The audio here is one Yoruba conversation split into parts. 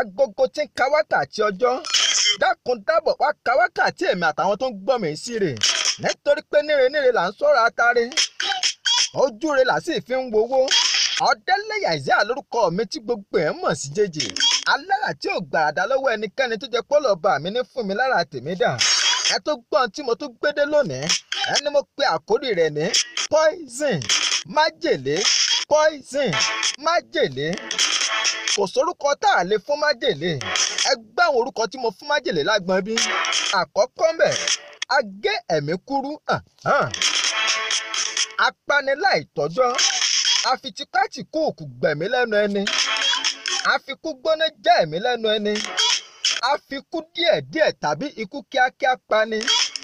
agogo tí ń ka wákàtí ọjọ́ dákun wá ka wákàtí èmi àtàwọn tó ń gbọ́ mi sí rè nítorí pé níre níre là ń sọ̀rọ̀ atare ojú rẹ̀ là sì fi ń wowó ọ̀dẹ́lẹ̀yà ìyá lórúkọ mi tí gbogbo ẹ̀ mọ̀ sí jèjì alára tí ò lọ́wọ́ ẹnikẹ́ni tó jẹ pọ́lọ̀ bá mi ní fún mi lára tèmi dà ẹ tó gbọ́n tí mo tún gbédé lónìí ẹni mo pe àkórí rẹ̀ ní poison májèlé poison májèlé kò sórúkọ tá a lè fún májèlé ẹ gbá orúkọ tí mo fún májèlé lágbọn bí àkọ́kọ́ ń bẹ̀ agé ẹ̀mí kúrú apaniláìtọ́jọ́ afitikati kúùkù gbẹ̀mí lẹ́nu ẹni afikú gbóná já ẹ̀mí lẹ́nu ẹni afikú díẹ̀díẹ̀ tàbí ikú kíákíá pani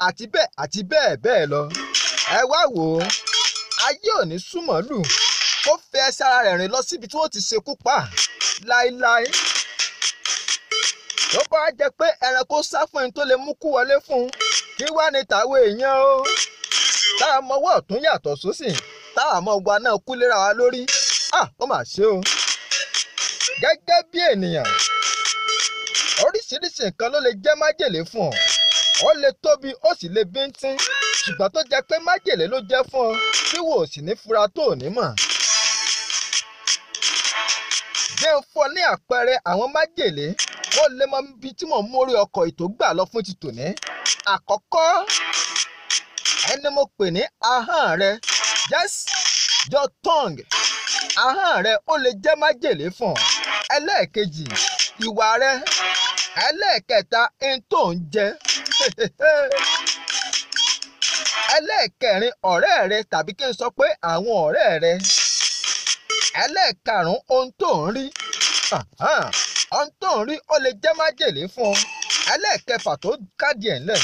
àti bẹ́ẹ̀ àti bẹ́ẹ̀ bẹ́ẹ̀ lọ ẹ wá wò ó ayé ò ní lù ó fẹ́ ẹsẹ̀ ara rẹ̀ rìn lọ síbi tí wọ́n ti ṣekú pa láéláé tó bá jẹ́ pé ẹranko sá fún ẹni tó lè mú kú wọlé fún un kí wá ní tàwọn èèyàn o tá a mọwọ́ ọ̀tún yàtọ̀ sósì tá a mọ wa náà kú léra wa lórí à ó mà ṣe o gẹ́gẹ́ bí ènìyàn oríṣiríṣi nǹkan ló lè jẹ́ májèlé fún ọ ó lè tóbi ó sì lè bíntín ṣùgbọ́n tó jẹ́ pé májèlé ló jẹ́ fún ọ tí wò ó sì ní fura tó ò ní mọ̀. jẹ́ ń fún ọ ní àpẹẹrẹ àwọn májèlé ó lè mọ ibi tí mò ń mórí ọkọ̀ ètò gbà lọ fún ti tòní. àkọ́kọ́ ẹni mo pè ní ahọ́n rẹ yes jọ tongue ahọ́n rẹ ó lè jẹ́ májèlé fún ọ. ẹlẹ́ẹ̀kejì ìwà rẹ ẹlẹ́ẹ̀kẹta ń tó ń jẹ ẹlẹ́ẹ̀kẹrin ọ̀rẹ́ rẹ tàbí kí n sọ pé àwọn ọ̀rẹ́ rẹ. ẹlẹ́ẹ̀karùn-ún ohun tó ń rí ohun tó ń rí ó lè jẹ́ májèlé fún ọ ẹlẹ́ẹ̀kẹfà tó kádìí ẹ̀ ńlẹ̀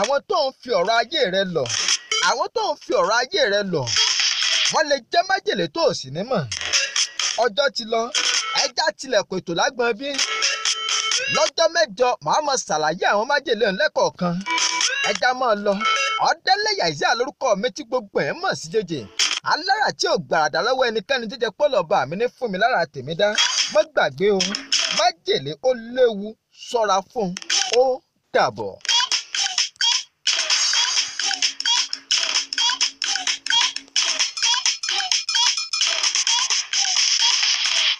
àwọn tó ń fi ọ̀rọ̀ ayé rẹ lọ àwọn tó ń fi ọ̀rọ̀ ayé rẹ lọ wọ́n lè jẹ́ májèlé tó o sì ní mọ̀ ọjọ́ ti lọ ẹja tilẹ̀kùn ètò lágbọ̀n bí lọ́jọ́ mẹ́jọ màá mọ àwọn májèlé ńlẹ́kọ̀ọ̀kan ẹja máa lọ ọ̀dẹ́lẹ̀yà ìyá lórúkọ mi gbogbo ẹ̀ mọ̀ sí jẹjẹrẹ alára tí ò gbàràdà lọ́wọ́ ẹnikẹ́ni jíjẹ pọ́lọ́ba mi ní fún mi lára tèmi dá má gbàgbé o májèlé ó léwu ṣọ́ra fún un ó dàbọ̀.